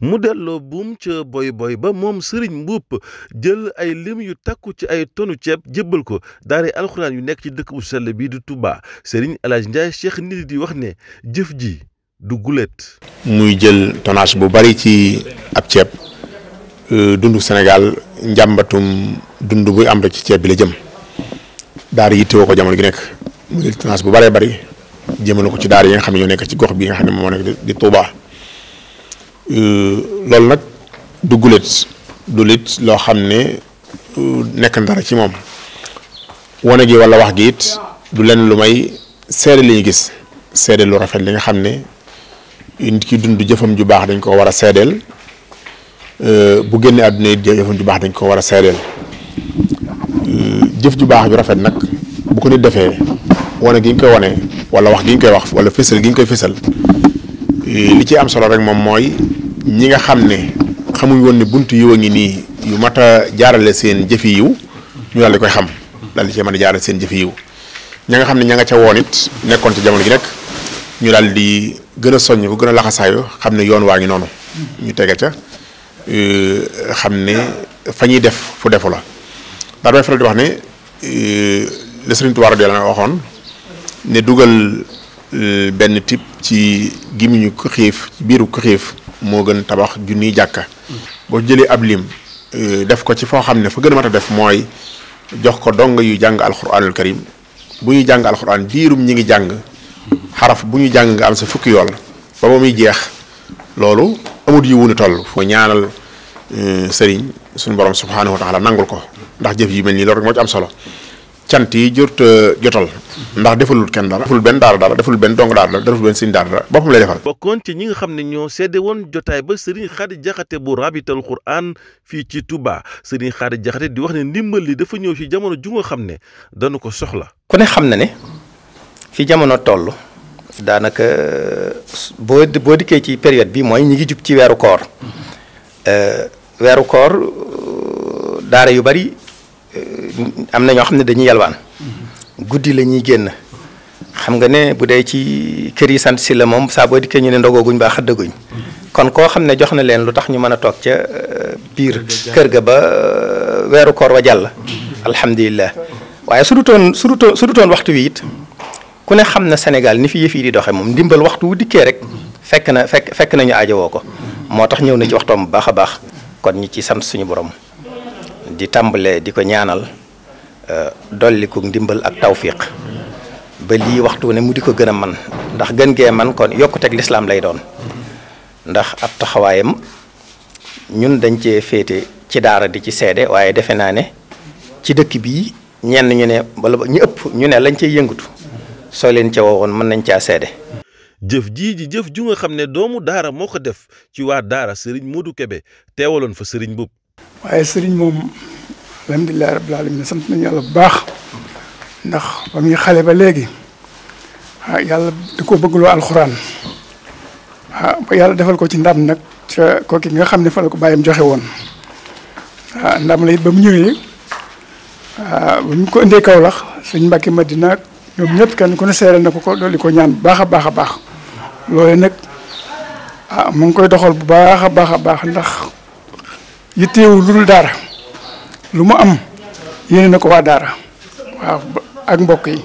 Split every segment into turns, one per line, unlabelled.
mu delloo buum ca boy boy ba moom sëriñ mbuup jël ay lim yu takku ci ay tonu ceeb jébbal ko daare alxuraan yu nekk ci dëkk bu sell bi di Touba sëriñ Alaaji Njaay Cheikh nit di wax ne jëf ji du gulet.
muy jël tonnage bu bari ci ab ceeb euh, dundu senegal njàmbatum dund buy am rek ci ceeb bi la jëm daara yittewoo ko jamono gi nekk mu jël tonnage bu bëree bari jëmale ko ci daara yi nga xam ne ñoo nekk ci gox bi nga xam ne moo nekk di Touba Euh, loolu nag du gulet du lit loo xam ne euh, nekk dara ci moom wane gi walla wax gi it du len lu may seede li gis seede lu rafet li nga xam ne nit ki dund jëfam ju baax dañ ko war a seedeel euh, bu génnee àdduna it jëfam ju baax dañ ko war a seedeel jëf ju baax ju rafet nag bu ko nit defee wane gi ñu koy wane walla wax gi ñu koy wax walla fësal gi ñu koy fësal li ci am solo rek moom mooy ñi nga xam ne xamuñ woon ne bunt yiw a ngi nii yu mat a jaarale seen jëfi yiw ñu daal di koy xam daal di cee jaarale seen jëfi yiw ña nga xam ne ña nga ca woon it nekkoon ci jamono ji rek ñu daal di gën a soññ ko gën a laxasaayu xam ne yoon waa ngi noonu ñu tege ca euh, xam ne fa ñuy def fu defu la daa damay di wax ne le Sëriñ Tuubaa radiyallaahu anhu waxoon ne dugal euh, benn type ci gémmiñu ku ci biiru këxiif moo gën tabax junniy jàkka. boo jëlee ab lim euh, def ko ci foo xam ne foo gën a mat a def mooy jox ko dong yu jàng alxuraanul karim bu ñuy jàng alxuraan diirum ñi ngi jàng. xaraf bu ñu jàng nga am sa fukki yool ba ba muy jeex loolu amut yu wunu toll foo ñaanal euh, sëriñ suñu borom subhaanahu wa taala nangul ko ndax jëf yu mel nii loolu rek moo ci am solo. cant yi jurt jotal ndax defalul kenn dara deful benn daara dara deful benn dong daara dara deful benn siñ daara dara boppam lay defal
bokkoon ci ñi nga xam ne ñoo seede woon jotaay ba sëriñ xaadi jaxate bu rabital quran fii ci Touba sëriñ xaadi jaxate di wax ne ndimbal li dafa ñëw ci jamono ju nga xam ne dañu ko soxla ku ne xam
na ne fi jamono toll daanaka boo boo dikkee ci période bi mooy ñi ngi jub ci weeru koor euh, weeru koor euh, daara yu bari am na ñoo xam ne dañuy yalwaan mhm. guddi la ñuy génn xam nga ne bu dee ci kër yi sant si la moom saa boo dikkee ñu ne ndogooguñ baa xëddaguñ mhm. kon koo xam ne jox na leen lu tax ñu mën a toog ca euh, biir kër ga ba euh, weeru koor wa jàll mhm. alhamdulilah waaye su dutoon su dutoon su dutoon waxtu wi it ku ne xam na senegal ni fi yëf di doxee moom ndimbal waxtu wu dikkee rek fekk na fekk fekk nañu aajowoo ko moo tax ñëw na ci waxtoom bu baax a baax kon ñi ci sant suñu boroom di Euh, dolli ko ndimbal ak tawfiq ba lii waxtu ne mu di ko gën a man ndax gën gee man kon yokkuteeg lislam lay doon ndax ab taxawaayam ñun dañ cee féete ci daara di ci seede waaye defe naa ne ci dëkk bii ñenn ñu ne wala ñu ëpp ñu ne lañ cey yëngatu soo leen ca woowoon mën nañ caa seede
jëf jii ji jëf ju nga xam ne doomu daara moo ko def ci waa daara sëriñ Modou Kébé teewaloon fa sëriñ boobu
waaye sëriñ moom Alhamdulillah rabbil alamin sant nañu yàlla bu baax ndax ba muy xale ba léegi ah yàlla da ko bëggloo alxuraan ah ba yàlla defal ko ci ndam nag ca kooki nga xam ne fa la ko bàyyam joxe woon ah ndam la it ba mu ñëwee ah bu ñu ko indee kawlax madina ak ñoom kan kenn ku na ko ko dolli ko ñaan bu baax a baax a ah mu ngi koy doxal bu baax a baax a baax ndax yitteewul dara lu mu am yéene na ko waa daara waaw ak mbokk yi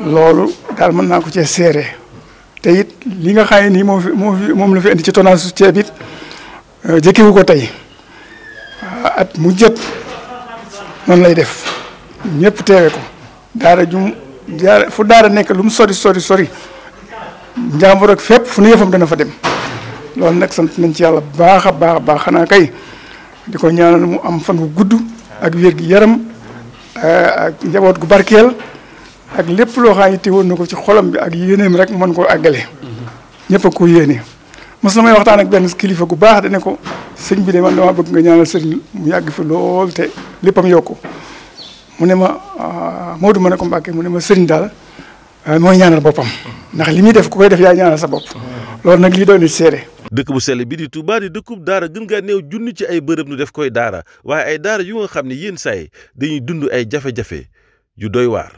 loolu daal mën naa ko cee seere te it li nga xam ne nii moom fi moom la fi indi ci tonnage su ceeb it euh, jëkkiwu ko tey at mu jët noonu lay def ñëpp teewe ko daara jum daara fu daara nekk lu mu sori sori sori njàmbur ak fépp fu nu yëfam dana fa dem loolu nag sant nañ ci yàlla baax a baax baax xanaa kay di ñaanal mu am fan wu gudd ak wér yaram eh, ak njaboot gu barkeel ak lépp loo xam ne woon na ko ci xolam bi ak yéeneem rek mën ko àggale ñëpp ko yéene mos na may waxtaan ak benn kilifa gu baax dane ko sëñ bi de man dama bëgg nga ñaanal sëriñ mu yàgg fi lool te léppam yokku mu ne ma ah, Modou ma ne ko Mbàkke mu ne ma sëriñ daal eh, mooy ñaanal boppam ndax li def ku koy def ñaanal sa bopp mm-hmm. loolu nag lii
doon dëkk bu sell bi di Touba di dëkkub daara gën ngaa néew junni ci ay bërëb nu def koy daara waaye ay daara yu nga xam ne yéen saay dañuy dund ay jafe-jafe yu doy waar